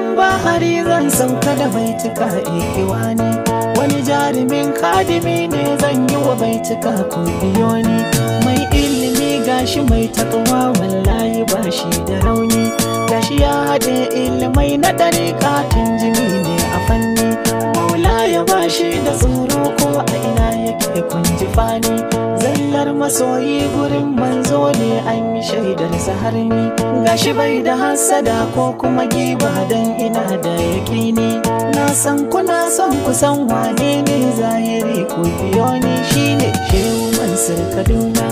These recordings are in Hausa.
gaban bahari zan sauka da bai cika ikiwa ne wani jarumin kadimi ne zan yi wa mai cika kudiyo ne mai ilimi gashi mai takwa wallahi ba shi da rauni gashi ya haɗe ilimai na ɗari katin jini ne a fanni maula ya ba shi da tsoro ko a ina yake kunji fani zallar masoyi gurin manzo ne an yi shaidar saharmi gashi bai da hasada ko kuma giba don ina da yaƙini na san kuna son kusan wane ne zahiri ko biyo ne shine shirin kaduna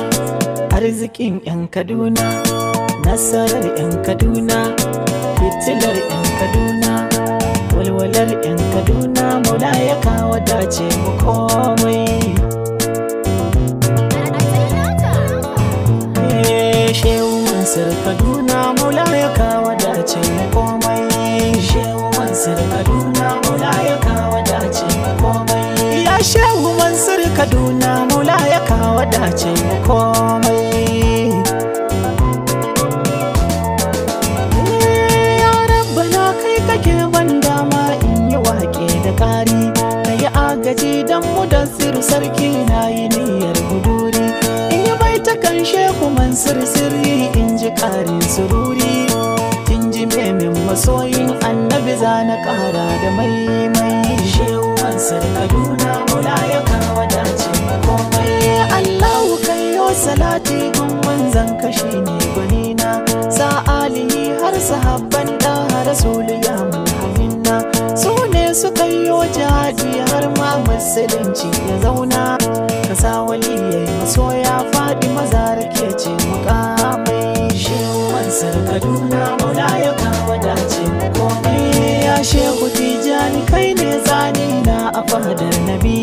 arzikin yan kaduna nasarar yan kaduna fitilar yan kaduna walwalar yan kaduna mula ya kawo dace mu komai shehu mansur kaduna maula ya kawo dace komai shehu mansur kaduna maula ya kawo dace komai ya shehu mansur kaduna maula ya kawo dace komai ya kai kake dama in yi da ƙari ka yi agaji don mu da sarki na yi niyyar sirri in ji ƙarin sururi kin ji memin masoyin annabi za na ƙara da maimai shehu ansar kaduna mula ya kawo dace makomai allahu Kai kayo salati gun manzan kashi ne gwanina sa alihi har sahabban da sulu ya muhamminna su ne suka yo jihadi har ma musulunci ya zauna ka sa waliyai ya faɗi maza kasar kaduna mula ya kawo dace komi ya shehu tijani kai ne zani na a fahadar nabi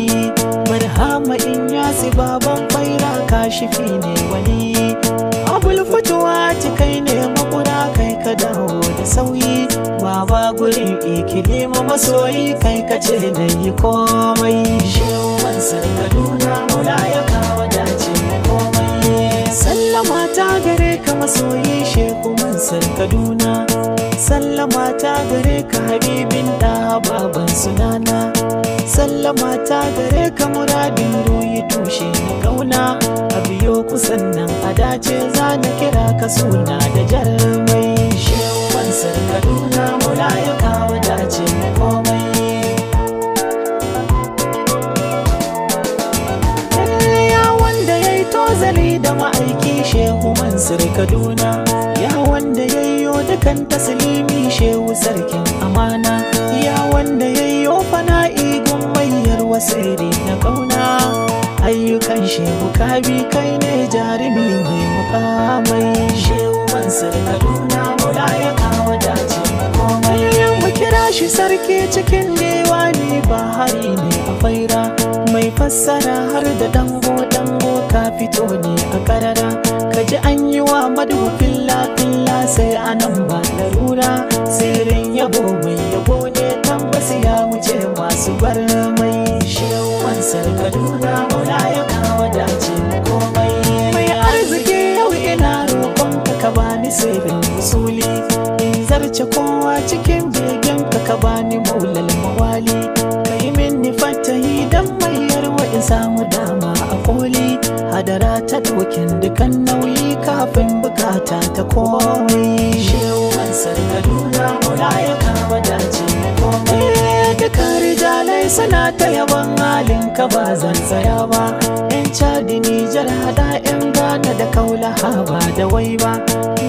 marhama in yasi baban faira kashifi ne wani abul cikai kai ne makura kai ka dawo da sauyi baba gurin ikilima masoyi kai ka ce yi komai shehu mansar kaduna mula ya kawo masoyi shekuman san kaduna sallama ta gare ka habibin da baban sunana sallama ta gare ka muradin ruyi tushe na kauna a biyo kusan nan a dace za na kira ka suna da jarumai shekuman san kaduna mura ya kawo dace taslimi shehu sarkin amana ya wanda ya yi fana igun bayar wasiri na ƙauna. ayyukan shehu kabi kai ne jarumi mai mukamai shehu mansur kaduna mula ya kawo dace komai mu kira shi sarki cikin lewani bahari ne a faira mai fassara har da dangote ka fito ne a karara kaji ji an yi wa madu filla filla sai anan ba larura sirrin yabo mai yabo ne basu ya wuce masu bar mai shewan sarkaduna maula ya kawo dace komai mai arziki yau ina roƙon ka ka bani sirrin musuli in zarce kowa cikin begen ka ka bani kaddara ta dokin dukan nauyi kafin bukata ta komai shewan sarkaduna maula ya kama dace komai eh, duka rijalai suna ta yaban halin ka ba zan tsaya ba yan cadi nijar da yan gana da kaula ba da wai ba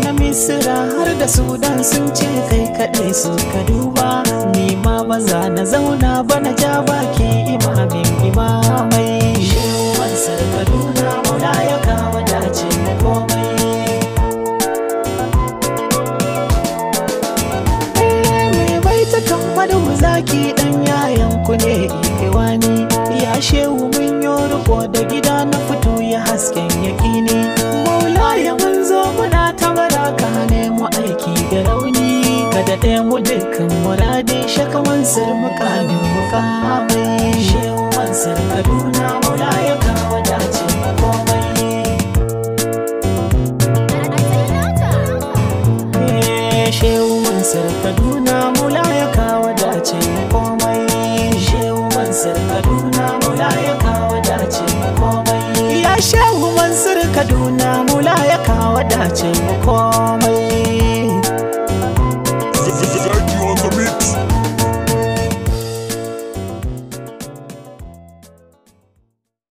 na misira har da sudan sun ce kai kaɗe su ka duba ni ma maza na zauna ba na ja baki imamin imama zaki dan yayan ku ne eh, wani ya shehu mun yi da gida na fito ya hasken yaƙini ne ya mun zo muna ta baraka mu aiki da rauni kada ɗaya mu dukkan muradin shakaman sir 情况。